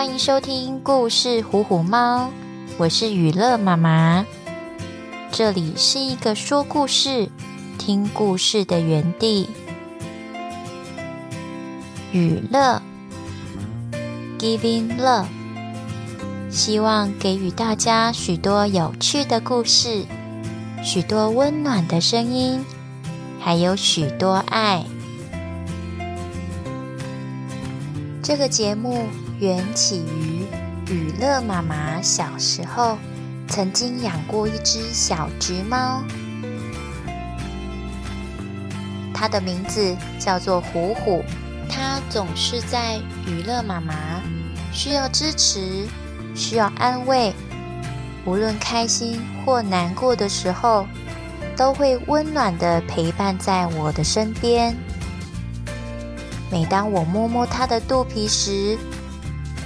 歡迎收聽故事虎虎貓，我是予樂媽媽，這裡是一個說故事、聽故事的園地。予樂，Giving 樂，love, 希望給予大家許多有趣的故事，許多溫暖的聲音，還有許多愛。這個節目，緣起於予樂媽媽小時候曾經養過一隻小橘貓，它的名字叫做虎虎。它總是在予樂媽媽需要支持、需要安慰，無論開心或難過的時候，都會溫暖地陪伴在我的身邊。每當我摸摸它的肚皮時，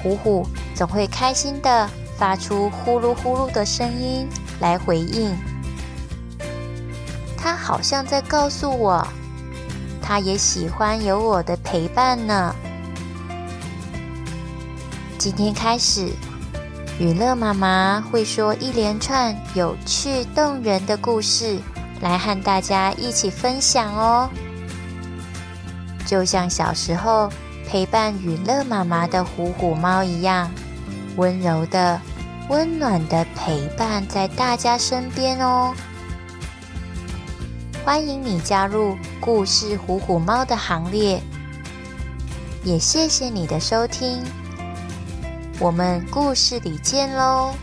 虎虎總會開心的發出呼嚕呼嚕的聲音來回應，它好像在告訴我，它也喜歡有我的陪伴呢。今天開始，予樂媽媽會說一連串有趣動人的故事來和大家一起分享哦，就像小時候。陪伴予樂媽媽的虎虎貓一樣，溫柔的、溫暖的陪伴在大家身邊哦。歡迎你加入故事虎虎貓的行列，也謝謝你的收聽，我們故事裡見嘍。